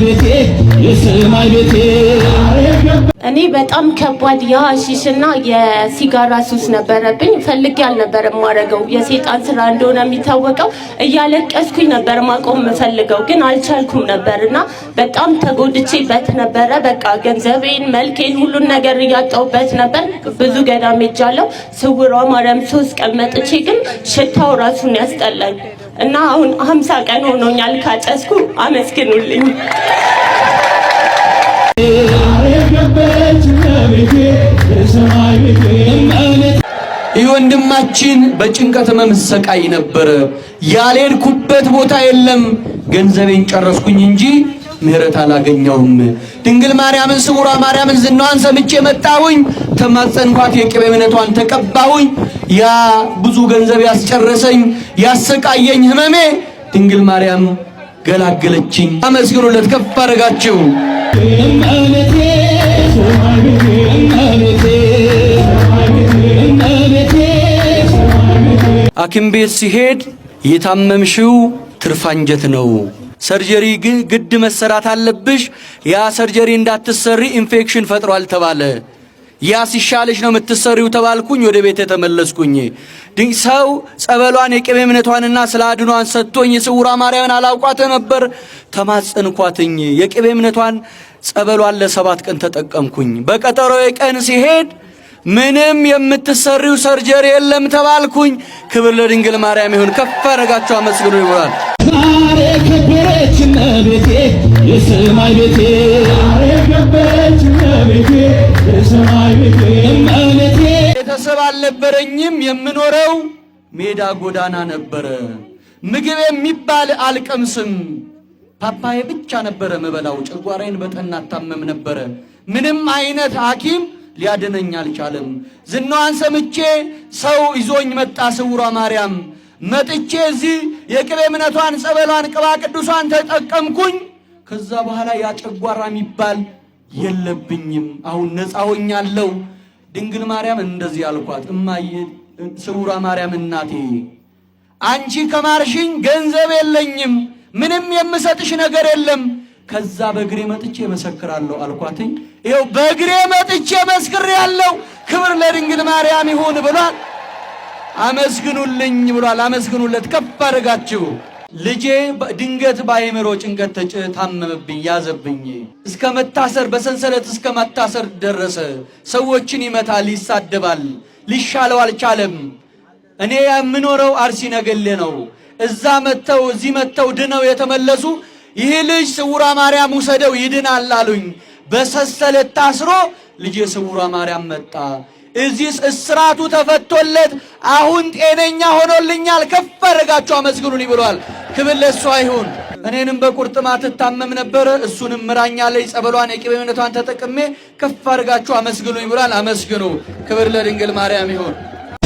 ቤቴ የሰማይ ቤቴ። እኔ በጣም ከባድ የሀሺሽ እና የሲጋራ ሱስ ነበረብኝ። ፈልጌ አልነበረም ማረገው የሴጣን ስራ እንደሆነ የሚታወቀው እያለቀስኩኝ ነበር ማቆም የምፈልገው ግን አልቻልኩም ነበር እና በጣም ተጎድቼበት ነበረ። በቃ ገንዘቤን፣ መልኬን፣ ሁሉን ነገር እያጣሁበት ነበር። ብዙ ገዳም ሄጃለሁ። ስውሯ ማርያም ሶስት ቀን መጥቼ ግን ሽታው ራሱን ያስጠላኝ እና አሁን ሀምሳ ቀን ሆኖኛል ካጨስኩ። አመስግኑልኝ። ይህ ወንድማችን በጭንቀት መምሰቃይ ነበር። ነበረ። ያልሄድኩበት ቦታ የለም። ገንዘቤን ጨረስኩኝ እንጂ ምሕረት አላገኘውም ድንግል ማርያምን ስውሯ ማርያምን ዝናዋን ሰምቼ መጣሁኝ፣ ተማጸንኳት፣ የቅቤ እምነቷን ተቀባሁኝ። ያ ብዙ ገንዘብ ያስጨረሰኝ ያሰቃየኝ ህመሜ ድንግል ማርያም ገላገለችኝ። አመስግኑለት፣ ከፍ አደረጋችሁ። ሐኪም ቤት ሲሄድ የታመምሽው ትርፋንጀት ነው ሰርጀሪ ግ ግድ መሰራት አለብሽ። ያ ሰርጀሪ እንዳትሰሪ ኢንፌክሽን ፈጥሯል ተባለ። ያ ሲሻለሽ ነው የምትሰሪው ተባልኩኝ። ወደ ቤት ድንቅ ሰው ጸበሏን የቅቤ እምነቷንና ስለ አድኗን ሰጥቶኝ የስውራ ማርያምን አላውቋት ነበር። ተማጸንኳትኝ። የቅቤ እምነቷን ጸበሏን ለሰባት ቀን ተጠቀምኩኝ። በቀጠሮ ቀን ሲሄድ ምንም የምትሰሪው ሰርጀሪ የለም ተባልኩኝ። ክብር ለድንግል ማርያም ይሁን። ከፍ አረጋቸው አመስግኑ ይሞላል። ዛሬ ከበረች እመቤቴ የሰማይ ቤቴ ቤተሰብ አልነበረኝም የምኖረው ሜዳ ጎዳና ነበረ። ምግብ የሚባል አልቀምስም። ፓፓዬ ብቻ ነበረ መበላው። ጨጓራዬን በጠና አታመም ነበረ። ምንም አይነት ሐኪም ሊያድነኝ አልቻለም። ዝናዋን ሰምቼ ሰው ይዞኝ መጣ። ስውሯ ማርያም መጥቼ እዚህ የቅቤ እምነቷን፣ ጸበሏን፣ ቅባ ቅዱሷን ተጠቀምኩኝ። ከዛ በኋላ ያጨጓራ የሚባል የለብኝም። አሁን ነፃ ሆኛለሁ። ድንግል ማርያም እንደዚህ አልኳት፣ እማዬ ስሩራ ማርያም እናቴ አንቺ ከማርሽኝ ገንዘብ የለኝም፣ ምንም የምሰጥሽ ነገር የለም። ከዛ በእግሬ መጥቼ መሰክራለሁ አልኳትኝ። ይኸው በእግሬ መጥቼ መስክሬ ያለው ክብር ለድንግል ማርያም ይሁን ብሏል። አመስግኑልኝ ብሏል። አመስግኑለት ከፍ አድርጋችሁ። ልጄ ድንገት በአእምሮ ጭንቀት ተጭ ታመመብኝ፣ ያዘብኝ፣ እስከ መታሰር በሰንሰለት እስከ መታሰር ደረሰ። ሰዎችን ይመታል፣ ይሳደባል፣ ሊሻለው አልቻለም። እኔ የምኖረው አርሲ ነገሌ ነው። እዛ መጥተው እዚህ መጥተው ድነው የተመለሱ ይህ ልጅ ስውሯ ማርያም ውሰደው ይድናል አሉኝ። በሰንሰለት ታስሮ ልጄ ስውሯ ማርያም መጣ። እዚህ እስራቱ ተፈቶለት አሁን ጤነኛ ሆኖልኛል፣ ከፍ አድርጋችሁ አመስግኑኝ ብሏል። ክብር ለእሷ ይሁን። እኔንም በቁርጥማት እታመም ነበረ፣ እሱንም ምራኛ ላይ ጸበሏን የቅቤ ተጠቅሜ ከፍ አድርጋችሁ አመስግኑኝ ብሏል። አመስግኑ። ክብር ለድንግል ማርያም ይሁን።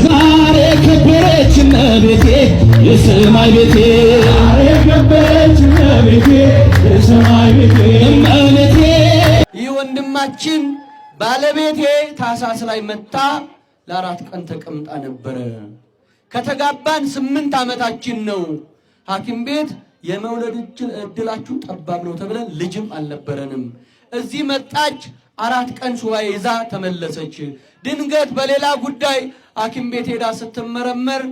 ዛሬ ከበረች እመቤቴ የሰማይ ቤቴ፣ ከበረች እመቤቴ የሰማይ ቤቴ። ይህ ወንድማችን ባለቤቴ ታህሳስ ላይ መታ ለአራት ቀን ተቀምጣ ነበረ። ከተጋባን ስምንት ዓመታችን ነው። ሐኪም ቤት የመውለድ እድላችሁ ጠባብ ነው ተብለን ልጅም አልነበረንም። እዚህ መጣች። አራት ቀን ሱባኤ ይዛ ተመለሰች። ድንገት በሌላ ጉዳይ ሐኪም ቤት ሄዳ ስትመረመር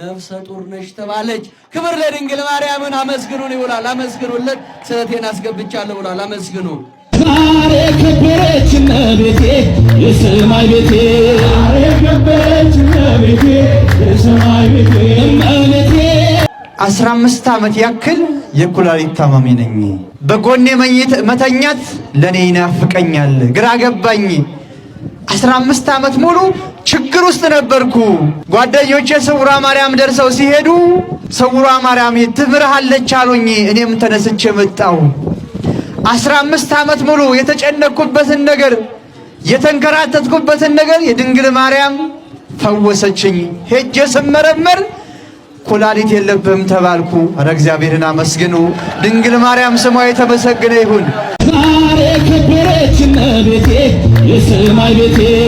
ነፍሰ ጡር ነች ተባለች። ክብር ለድንግል ማርያምን አመስግኑን ይውላል። አመስግኑለት። ስለቴን አስገብቻለሁ ብሏል። አመስግኑ ዛሬ ከበረች እመቤቴ የሰማይ ቤቴ አስራ አምስት ዓመት ያክል የኩላሊት ታማሚ ነኝ። በጎኔ መተኛት ለእኔ ይናፍቀኛል፣ ግራ ገባኝ። አስራ አምስት ዓመት ሙሉ ችግር ውስጥ ነበርኩ። ጓደኞቼ ስውሯ ማርያም ደርሰው ሲሄዱ ስውሯ ማርያም ትምርሃለች አሉኝ። እኔም ተነስቼ መጣው። አስራ አምስት ዓመት ሙሉ የተጨነቅኩበትን ነገር የተንከራተትኩበትን ነገር የድንግል ማርያም ፈወሰችኝ። ሄጄ ስመረመር ኩላሊት የለብህም ተባልኩ። ኧረ እግዚአብሔርን አመስግኑ። ድንግል ማርያም ስሟ የተመሰገነ ይሁን። ዛሬ ከበረች እመቤቴ የሰማይ ቤቴ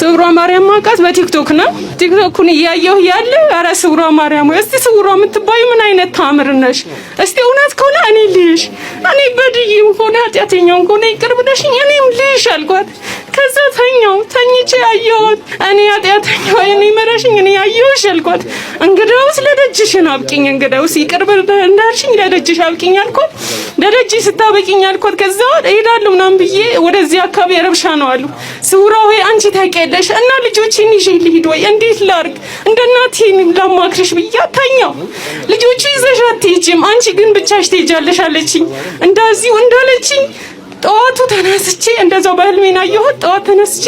ስውሯ ማርያም ማውቃት በቲክቶክ ነው። ቲክቶኩን እያየሁ ያለ አረ ስውሯ ማርያም ወይ እስቲ ስውሯ የምትባዩ ምን አይነት ታምር ነሽ? እስቲ እውነት ከሆነ እኔ ልሽ እኔ በድይም ሆነ ኃጢአተኛውም ከሆነ ይቅር ብለሽኝ እኔም ልሽ አልኳት። ከዛ ተኛው ተኝቼ ያየሁት እኔ ኃጢአተኛው እኔ መረሽኝ እኔ ያየሁሽ አልኳት። እንግዳውስ ለደጅሽን አብቅኝ እንግዳውስ ይቅርብ እንዳልሽኝ ለደጅሽ አብቅኝ አልኳት። ለደጅሽ ስታበቂኝ አልኳት። ከዛ እሄዳለሁ ምናምን ብዬ ወደዚህ አካባቢ ረብሻ ነው አሉ። ስውራ ወይ አንቺ ታውቂያለሽ እና ልጆችን ይዤ ልሂድ ወይ እንዴት ላርግ እንደ እናቴ ላማክርሽ ብያ ተኛው። ልጆቹ ይዘሽ አትሄጂም አንቺ ግን ብቻሽ ትሄጃለሽ አለችኝ። እንደዚሁ እንዳለችኝ ጠዋቱ ተነስቼ እንደዛው በህልሜ ናየሁት። ጠዋት ተነስቼ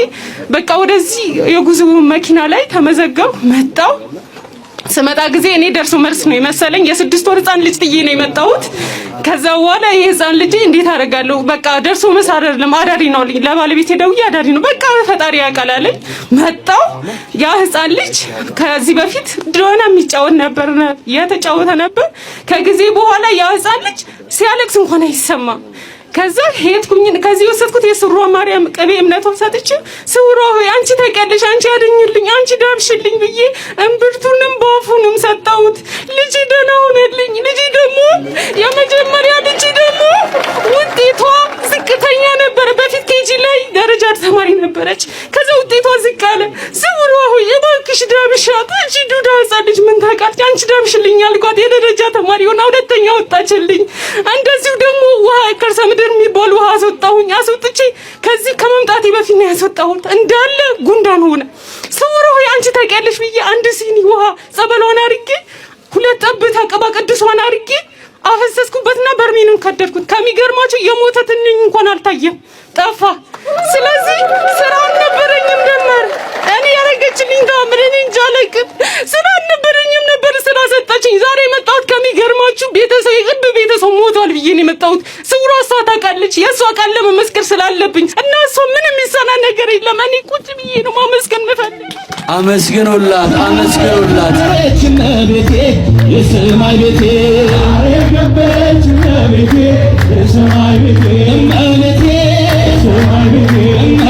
በቃ ወደዚህ የጉዞ መኪና ላይ ተመዘገብ መጣው። ስመጣ ጊዜ እኔ ደርሶ መልስ ነው የመሰለኝ የስድስት ወር ህፃን ልጅ ጥዬ ነው የመጣሁት። ከዛ በኋላ ይህ ህፃን ልጅ እንዴት አደርጋለሁ? በቃ ደርሶ መልስ አይደለም አዳሪ ነው ለባለቤት ደውዬ አዳሪ ነው በቃ ፈጣሪ ያውቃል አለኝ። መጣው ያ ህፃን ልጅ ከዚህ በፊት ድሮና የሚጫወት ነበር የተጫወተ ነበር። ከጊዜ በኋላ ያ ህፃን ልጅ ሲያለቅስ እንኳን አይሰማ ከዛ ሄድኩኝ። ከዚህ ወሰድኩት የስሯ ማርያም ቅቤ እምነቷን ሰጥቼ ስውሮ ሆይ አንቺ ተቀደሽ፣ አንቺ ያድኝልኝ አንቺ ዳብሽልኝ ብዬ እምብርቱንም ባፉንም ሰጠሁት። ልጅ ደህና ሆነልኝ። ልጅ ደግሞ የመጀመሪያ ልጅ ደግሞ ውጤቷ ዝቅተኛ ነበረ። በፊት ኬጂ ላይ ደረጃ ተማሪ ነበረች። ከዛ ውጤቷ ዝቅ አለ። እባክሽ ዳብሻት። እቺ ዱዳ ሕፃን ልጅ ምን ታውቃለች? አንቺ ዳብሽልኝ አልኳት። የደረጃ ተማሪ ሆና ሁለተኛ ወጣችልኝ። እንደዚሁ ደግሞ ውሃ ከርሰ ምድር የሚባል ውሃ አስወጣሁኝ። አስወጥቼ ከዚህ ከመምጣቴ በፊት ነው ያስወጣሁት። እንዳለ ጉንዳን ሆነ። ሰውሮ አንቺ ታውቂያለሽ ብዬ አንድ ሲኒ ውሃ ጸበሏን አድርጌ ሁለት ጠብታ ቅባ ቅዱሷን አድርጌ አፈሰስኩበትና በርሜኑን ከደድኩት። ከሚገርማችሁ የሞተ ትንኝ እንኳን አልታየም፣ ጠፋ። ስለዚህ ስራ አላውቅም። ስላልነበረኝም አልነበረኝም ነበር ስላሰጣችኝ ዛሬ የመጣሁት ከሚገርማችሁ ቤተሰብ የቅብ ቤተሰብ ሞቷል ብዬ ነው የመጣሁት። ስውሯ እሷ ታውቃለች። የእሷ ቃል ለመመስከር ስላለብኝ እና እሷ ምንም የሚሰና ነገር የለም። እኔ ቁጭ ብዬ ነው ማመስገን የምፈልግ። አመስግኑላት፣ አመስግኑላት ቤቴ የሰማይ ቤቴ ቤቴ የሰማይ ቤቴ